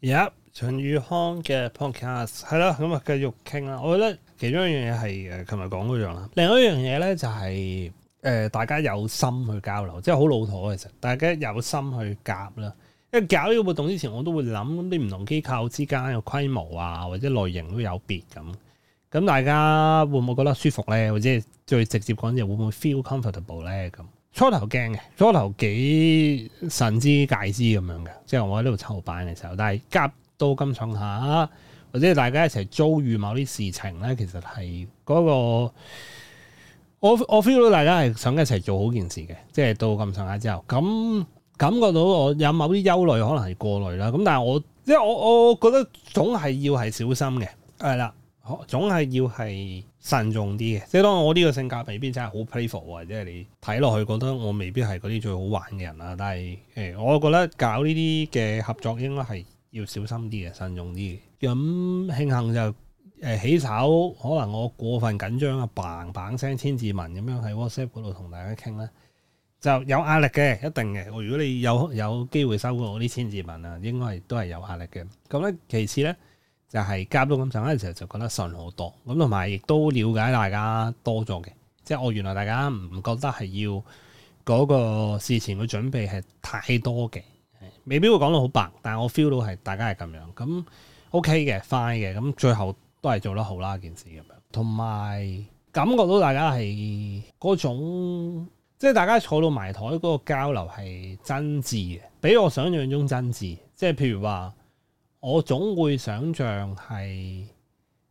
而家秦宇康嘅 podcast 係啦，咁啊繼續傾啦。我覺得其中一樣嘢係誒琴日講嗰樣啦，另外一樣嘢咧就係、是、誒、呃、大家有心去交流，即係好老土其實。大家有心去夾啦，因為搞呢個活動之前我都會諗啲唔同機構之間嘅規模啊，或者類型都有別咁。咁大家會唔會覺得舒服咧？或者最直接講嘢會唔會 feel comfortable 咧？咁？初頭驚嘅，初頭幾神知介之咁樣嘅，即係我喺呢度籌辦嘅時候。但係夾到咁上下，或者大家一齊遭遇某啲事情咧，其實係嗰、嗰個我我 feel 到大家係想一齊做好件事嘅，即係到咁上下之後，咁感覺到我有某啲憂慮，可能係過慮啦。咁但係我即係我我覺得總係要係小心嘅，係啦了，總係要係。慎重啲嘅，即係當我呢個性格未必真係好 playful，即係你睇落去覺得我未必係嗰啲最好玩嘅人啦。但係誒、哎，我覺得搞呢啲嘅合作應該係要小心啲嘅，慎重啲咁、嗯、慶幸就誒、呃、起手，可能我過分緊張啊 b a n 聲千字文咁樣喺 WhatsApp 嗰度同大家傾咧，就有壓力嘅，一定嘅。我如果你有有機會收過我啲千字文啊，應該係都係有壓力嘅。咁咧，其次咧。就係夾到咁上下嘅時候，就覺得順好多。咁同埋亦都了解大家多咗嘅，即係我原來大家唔覺得係要嗰個事前嘅準備係太多嘅，未必會講到好白。但係我 feel 到係大家係咁樣，咁、嗯、OK 嘅、fine 嘅，咁、嗯、最後都係做得好啦。件事咁樣，同埋感覺到大家係嗰種，即係大家坐到埋台嗰個交流係真摯嘅，比我想象中真摯。即係譬如話。我總會想像係，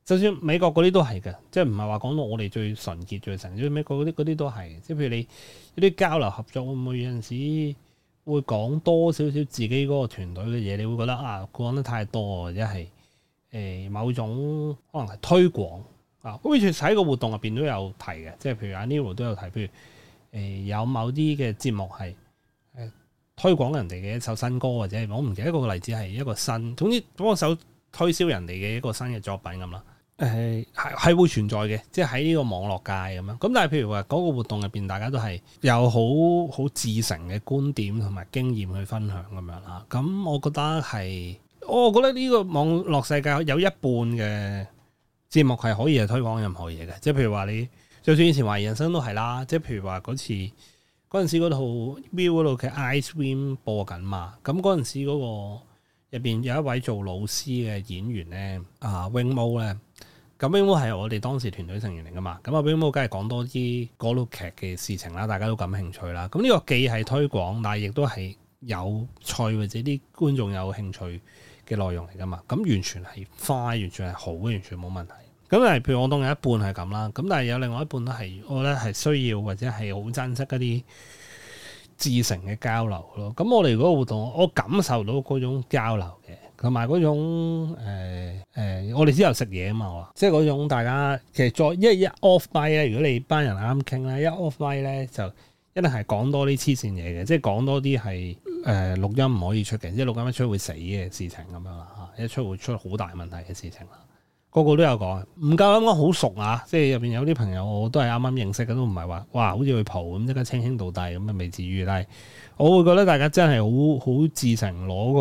就算美國嗰啲都係嘅，即係唔係話講到我哋最純潔最純粹，最美國嗰啲啲都係。即係譬如你嗰啲交流合作會唔會有陣時會講多少少自己嗰個團隊嘅嘢？你會覺得啊，講得太多或者係誒某種可能係推廣啊。咁完全喺個活動入邊都有提嘅，即係譬如阿 Nelo 都有提，譬如誒、呃、有某啲嘅節目係。推廣人哋嘅一首新歌，或者我唔記得個例子係一個新，總之嗰首推銷人哋嘅一個新嘅作品咁啦。誒係係會存在嘅，即係喺呢個網絡界咁樣。咁但係譬如話嗰個活動入邊，大家都係有好好自成嘅觀點同埋經驗去分享咁樣啦。咁我覺得係，我我覺得呢個網絡世界有一半嘅節目係可以係推廣任何嘢嘅。即係譬如話你，就算以前懷疑人生都係啦。即係譬如話嗰次。嗰陣時嗰套 Viu 嗰度嘅 Ice Cream 播緊嘛，咁嗰陣時嗰個入邊有一位做老師嘅演員咧，啊，Wing Mo 咧，咁 Wing Mo 係我哋當時團隊成員嚟噶嘛，咁啊 Wing Mo 梗係講多啲嗰套劇嘅事情啦，大家都感興趣啦，咁呢個既係推廣，但係亦都係有趣或者啲觀眾有興趣嘅內容嚟噶嘛，咁完全係花，完全係好，完全冇問題。咁但係，譬如我當有一半係咁啦，咁但係有另外一半咧，係我咧係需要或者係好珍惜嗰啲至誠嘅交流咯。咁我哋嗰個活動，我感受到嗰種交流嘅，同埋嗰種誒誒、呃呃，我哋之後食嘢啊嘛，我即係嗰種大家其實再一一 off 咪咧，如果你班人啱傾咧，一 off 咪咧就一定係講多啲黐線嘢嘅，即係講多啲係誒錄音唔可以出嘅，即係錄音一出會死嘅事情咁樣啦，一出會出好大問題嘅事情啦。個個都有講，唔夠啱啱好熟啊！即係入邊有啲朋友，我都係啱啱認識嘅，都唔係話哇，好似去蒲咁，即刻稱兄道弟咁啊，未至於。但係我會覺得大家真係好好至誠攞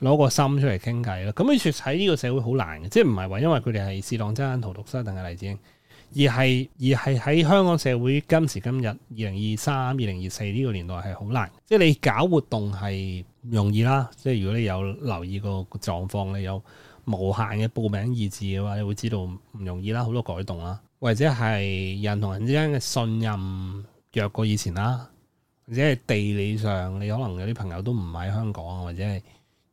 個攞個心出嚟傾偈咯。咁你説喺呢個社會好難嘅，即係唔係話因為佢哋係志當真、徒讀生定係例子？而係而係喺香港社會今時今日二零二三、二零二四呢個年代係好難。即係你搞活動係容易啦，即係如果你有留意個狀況你有。無限嘅報名意志嘅話，你會知道唔容易啦，好多改動啦，或者係人同人之間嘅信任弱過以前啦，或者係地理上你可能有啲朋友都唔喺香港，或者係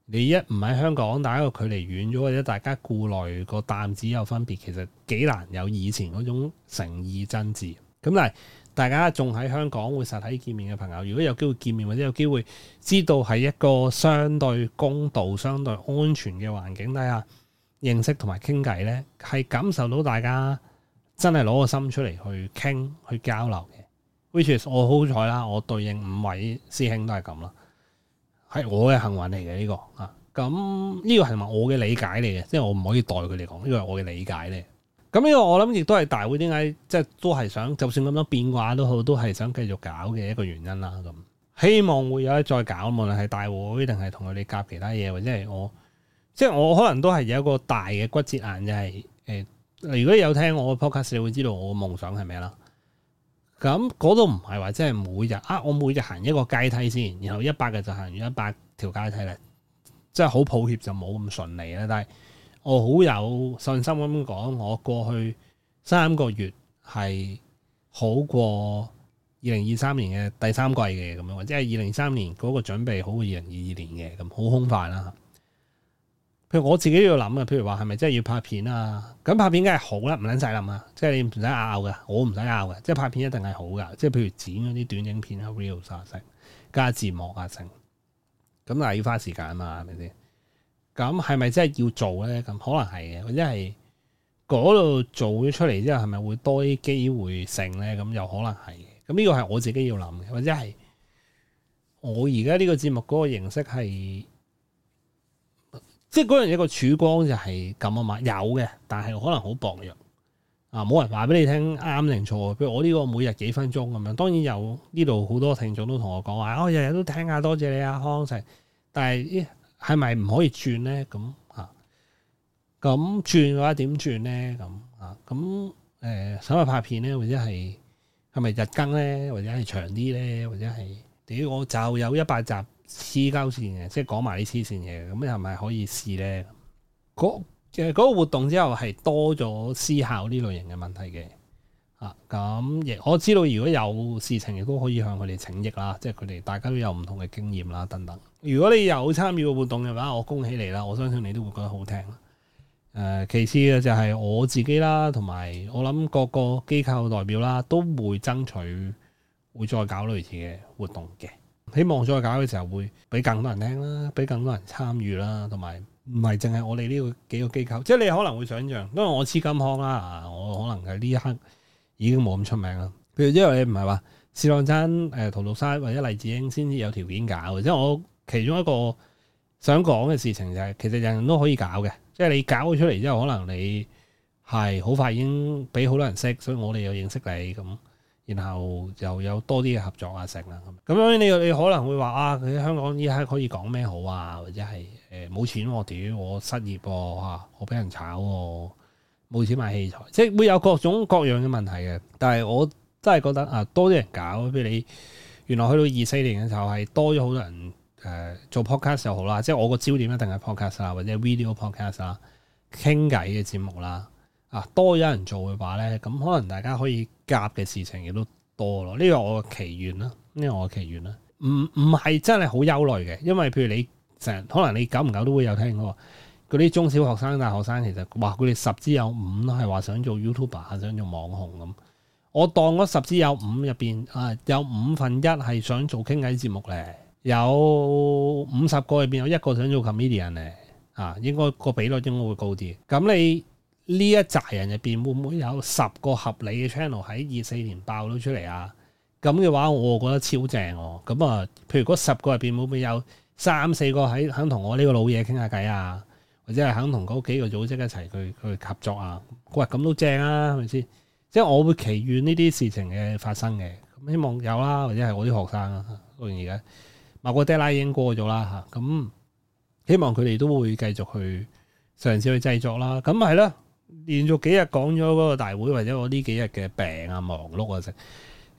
你一唔喺香港，大家個距離遠咗，或者大家顧慮個擔子有分別，其實幾難有以前嗰種誠意真摯。咁但係。大家仲喺香港會實體見面嘅朋友，如果有機會見面或者有機會知道喺一個相對公道、相對安全嘅環境底下認識同埋傾偈，呢係感受到大家真係攞個心出嚟去傾去交流嘅。Which is 我好彩啦，我對應五位師兄都係咁啦，係我嘅幸運嚟嘅呢個啊。咁呢個係咪我嘅理解嚟嘅？即係我唔可以代佢哋講，因為呢個係我嘅理解嚟。咁呢個我諗亦都係大會點解，即係都係想，就算咁多變卦都好，都係想繼續搞嘅一個原因啦。咁希望會有得再搞，無論係大會定係同佢哋夾其他嘢，或者係我，即係我可能都係有一個大嘅骨折眼就係、是、誒、呃，如果有聽我嘅 podcast，你會知道我嘅夢想係咩啦。咁嗰度唔係話即係每日啊，我每日行一個階梯先，然後一百日就行完一百條階梯啦，即係好抱歉就冇咁順利啦，但係。我好有信心咁講，我過去三個月係好過二零二三年嘅第三季嘅咁樣，或者係二零二三年嗰個準備好過二零二二年嘅，咁好空泛啦。譬如我自己都要諗嘅，譬如話係咪真係要拍片啊？咁拍片梗係好啦，啊，唔撚使諗啊！即係你唔使拗嘅，我唔使拗嘅，即係拍片一定係好噶。即係譬如剪嗰啲短影片 re 啊，reels 成，加字幕啊成，咁但係要花時間啊嘛，係咪先？咁係咪真係要做咧？咁可能係嘅，或者係嗰度做咗出嚟之後，係咪會多啲機會性咧？咁又可能係嘅。咁呢個係我自己要諗嘅，或者係我而家呢個節目嗰個形式係，即係嗰樣嘢個曙光就係咁啊嘛。有嘅，但係可能好薄弱啊，冇人話俾你聽啱定錯。譬如我呢個每日幾分鐘咁樣，當然有，呢度好多聽眾都同我講話，啊，我日日都聽啊，多謝你啊，康成。但係，哎係咪唔可以轉咧？咁啊，咁轉嘅話點轉咧？咁啊，咁誒、啊啊啊啊，想唔想拍片咧？或者係係咪日更咧？或者係長啲咧？或者係屌我就有一百集黐膠線嘅，即係講埋啲黐線嘢嘅，咁係咪可以試咧？嗰嘅嗰個活動之後係多咗思考呢類型嘅問題嘅。啊咁亦我知道，如果有事情亦都可以向佢哋請益啦，即係佢哋大家都有唔同嘅經驗啦等等。如果你有參與活動嘅話，我恭喜你啦！我相信你都會覺得好聽啦。誒、呃，其次咧就係我自己啦，同埋我諗各個機構代表啦，都會爭取會再搞類似嘅活動嘅。希望再搞嘅時候會俾更多人聽啦，俾更多人參與啦，同埋唔係淨係我哋呢個幾個機構。即係你可能會想像，因為我黐金康啦，我可能喺呢一刻。已經冇咁出名啦。譬如，因為唔係話市浪真誒、陶露莎或者黎智英先至有條件搞。或者我其中一個想講嘅事情就係、是、其實人人都可以搞嘅。即、就、係、是，你搞咗出嚟之後，可能你係好快已經俾好多人識，所以我哋又認識你咁，然後又有多啲嘅合作啊，成啊，咁。咁你你可能會話啊，喺香港依家可以講咩好啊？或者係誒冇錢，我屌，我失業喎，我俾人炒喎、啊。冇錢買器材，即係會有各種各樣嘅問題嘅。但係我真係覺得啊，多啲人搞，譬如你原來去到二四年嘅時候，係多咗好多人誒、呃、做 podcast 又好啦，即係我個焦點一定係 podcast 啦，或者 video podcast 啦，傾偈嘅節目啦，啊多有人做嘅話咧，咁可能大家可以夾嘅事情亦都多咯。呢、這個我嘅祈願啦，呢、這個我嘅祈願啦，唔唔係真係好憂慮嘅，因為譬如你成日，可能你久唔久都會有聽嘅。嗰啲中小學生、大學生其實話佢哋十之有五咯，係話想做 YouTuber、想做網紅咁。我當嗰十之有五入邊，啊有五分一係想做傾偈節目咧，有五十個入邊有一個想做 comedian 咧、啊，啊應該個比率應該會高啲。咁你呢一紮人入邊會唔會有十個合理嘅 channel 喺二四年爆到出嚟啊？咁嘅話，我覺得超正喎、啊。咁啊，譬如嗰十個入邊會唔會有三四個喺肯同我呢個老嘢傾下偈啊？或者係肯同嗰幾個組織一齊去去合作啊，喂咁都正啊，係咪先？即係我會祈願呢啲事情嘅發生嘅，咁希望有啦。或者係我啲學生，當然而家馬哥爹拉已經過咗啦嚇，咁、啊啊、希望佢哋都會繼續去嘗試去製作啦。咁、啊、係啦，連續幾日講咗嗰個大會，或者我呢幾日嘅病啊、忙碌啊，成、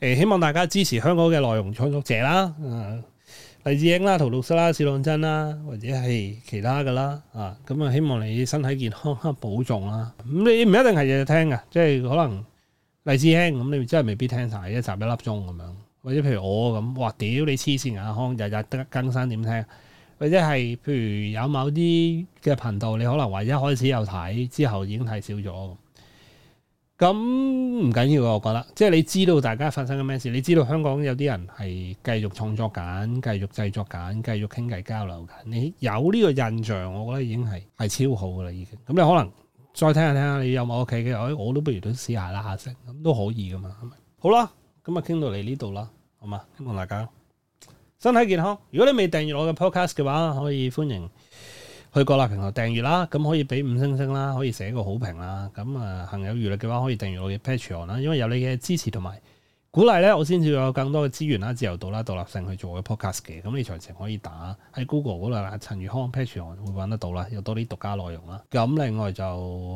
呃、誒，希望大家支持香港嘅內容創作者啦。啊黎智英啦、陶露思啦、史朗真啦，或者係其他噶啦啊，咁、嗯、啊希望你身體健康，保重啦。咁、啊嗯、你唔一定係日日聽噶，即係可能黎智英咁，你真係未必聽晒，一集一粒鐘咁樣，或者譬如我咁，哇屌你黐線阿康，日日得更新點聽？或者係譬如有某啲嘅頻道，你可能話一開始有睇，之後已經睇少咗。咁唔緊要啊，我覺得，即係你知道大家發生緊咩事，你知道香港有啲人係繼續創作緊、繼續製作緊、繼續傾偈交流緊。你有呢個印象，我覺得已經係係超好噶啦，已經。咁你可能再聽下聽下，你有冇屋企嘅？我都不如都試下啦，下先咁都可以噶嘛。係咪好啦，咁啊傾到嚟呢度啦，好嘛？希望大家身體健康。如果你未訂閱我嘅 podcast 嘅話，可以歡迎。去過啦，平時訂閱啦，咁可以俾五星星啦，可以寫個好評啦。咁啊，行有餘力嘅話，可以訂閱我嘅 patreon 啦。因為有你嘅支持同埋鼓勵咧，我先至有更多嘅資源啦、自由度啦、獨立性去做嘅 podcast 嘅。咁你詳情可以打喺 Google 嗰度啦，陳如康 patreon 會揾得到啦，有多啲獨家內容啦。咁另外就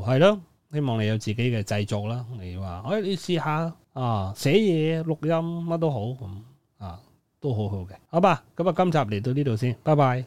係咯，希望你有自己嘅製作啦。你話，哎，你試下啊，寫嘢、錄音乜都好咁啊，都好好嘅。好吧，咁啊，今集嚟到呢度先，拜拜。